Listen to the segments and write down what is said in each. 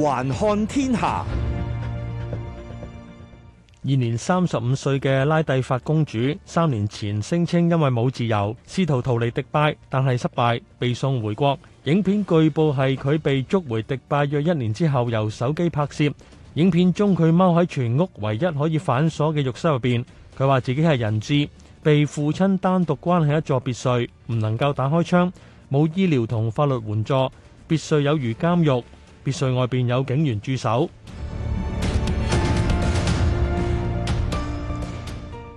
環看天下。現年三十五歲嘅拉蒂法公主，三年前聲稱因為冇自由，試圖逃離迪拜，但係失敗，被送回國。影片據報係佢被捉回迪拜約一年之後由手機拍攝。影片中佢踎喺全屋唯一可以反鎖嘅浴室入邊。佢話自己係人質，被父親單獨關喺一座別墅，唔能夠打開窗，冇醫療同法律援助，別墅有如監獄。別墅外邊有警員駐守。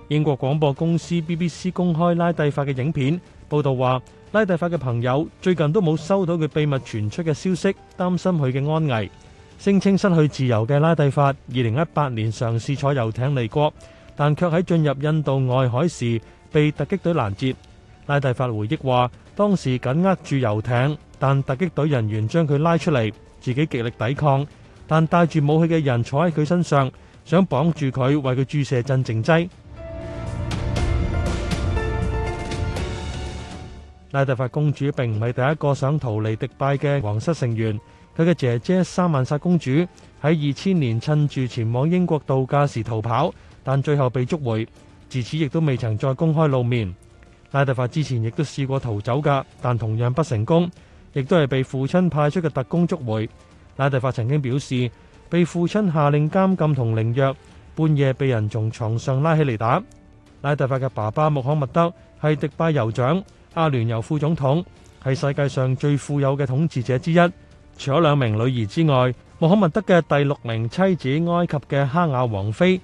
英國廣播公司 BBC 公開拉蒂法嘅影片，報道話，拉蒂法嘅朋友最近都冇收到佢秘密傳出嘅消息，擔心佢嘅安危。聲稱失去自由嘅拉蒂法，二零一八年嘗試坐遊艇離國，但卻喺進入印度外海時被突擊隊攔截。拉蒂法回憶話，當時緊握住遊艇，但突擊隊人員將佢拉出嚟。自己極力抵抗，但帶住武器嘅人坐喺佢身上，想綁住佢，為佢注射鎮靜劑。拉蒂法公主並唔係第一個想逃離迪拜嘅皇室成員，佢嘅姐姐三萬莎公主喺二千年趁住前往英國度假時逃跑，但最後被捉回，自此亦都未曾再公開露面。拉蒂法之前亦都試過逃走㗎，但同樣不成功。亦都係被父親派出嘅特工捉回。拉蒂法曾經表示，被父親下令監禁同凌虐，半夜被人從床上拉起嚟打。拉蒂法嘅爸爸穆罕默德係迪拜酋長、阿聯酋副總統，係世界上最富有嘅統治者之一。除咗兩名女兒之外，穆罕默德嘅第六名妻子埃及嘅哈雅王妃。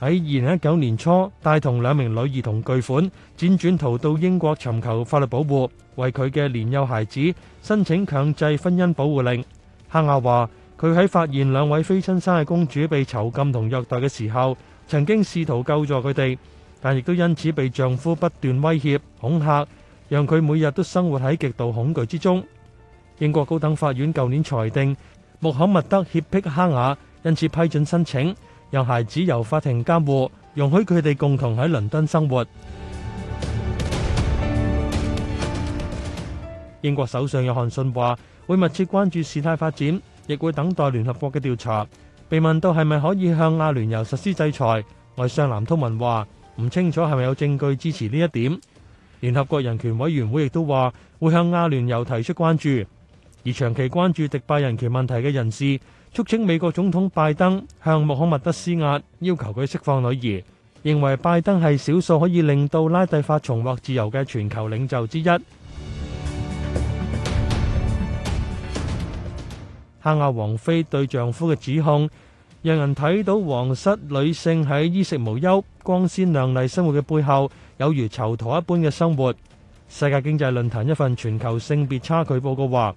喺二零一九年初，帶同兩名女兒同巨款，輾轉逃到英國尋求法律保護，為佢嘅年幼孩子申請強制婚姻保護令。哈雅話：佢喺發現兩位非親生嘅公主被囚禁同虐待嘅時候，曾經試圖救助佢哋，但亦都因此被丈夫不斷威脅恐嚇，讓佢每日都生活喺極度恐懼之中。英國高等法院舊年裁定，穆罕默德脅迫哈雅，因此批准申請。讓孩子由法庭監護，容許佢哋共同喺倫敦生活。英國首相約翰遜話會密切關注事態發展，亦會等待聯合國嘅調查。被問到係咪可以向阿聯酋實施制裁，外相藍韜文話唔清楚係咪有證據支持呢一點。聯合國人權委員會亦都話會向阿聯酋提出關注，而長期關注迪拜人權問題嘅人士，促請美國總統拜登向穆罕默德施壓，要求佢釋放女兒，認為拜登係少數可以令到拉蒂法重獲自由嘅全球領袖之一。哈亞王妃對丈夫嘅指控，讓人睇到皇室女性喺衣食無憂、光鮮亮麗生活嘅背後，有如囚徒一般嘅生活。世界經濟論壇一份全球性別差距報告話。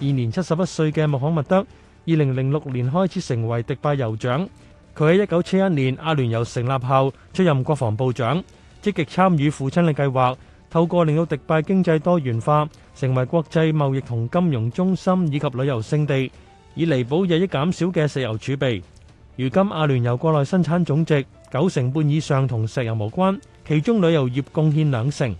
現年七十一歲嘅穆罕默德，二零零六年開始成為迪拜酋長。佢喺一九七一年阿聯酋成立後出任國防部長，積極參與父親嘅計劃，透過令到迪拜經濟多元化，成為國際貿易同金融中心以及旅遊勝地，以彌補日益減少嘅石油儲備。如今阿聯酋國內生產總值九成半以上同石油無關，其中旅遊業貢獻兩成。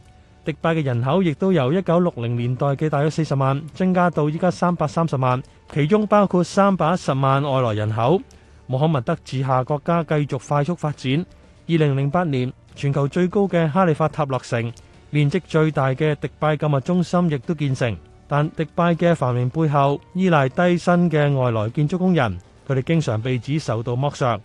迪拜嘅人口亦都由一九六零年代嘅大約四十萬增加到依家三百三十萬，其中包括三百一十萬外來人口。穆罕默德治下國家繼續快速發展。二零零八年，全球最高嘅哈利法塔落成，面積最大嘅迪拜購物中心亦都建成。但迪拜嘅繁榮背後，依賴低薪嘅外來建築工人，佢哋經常被指受到剝削。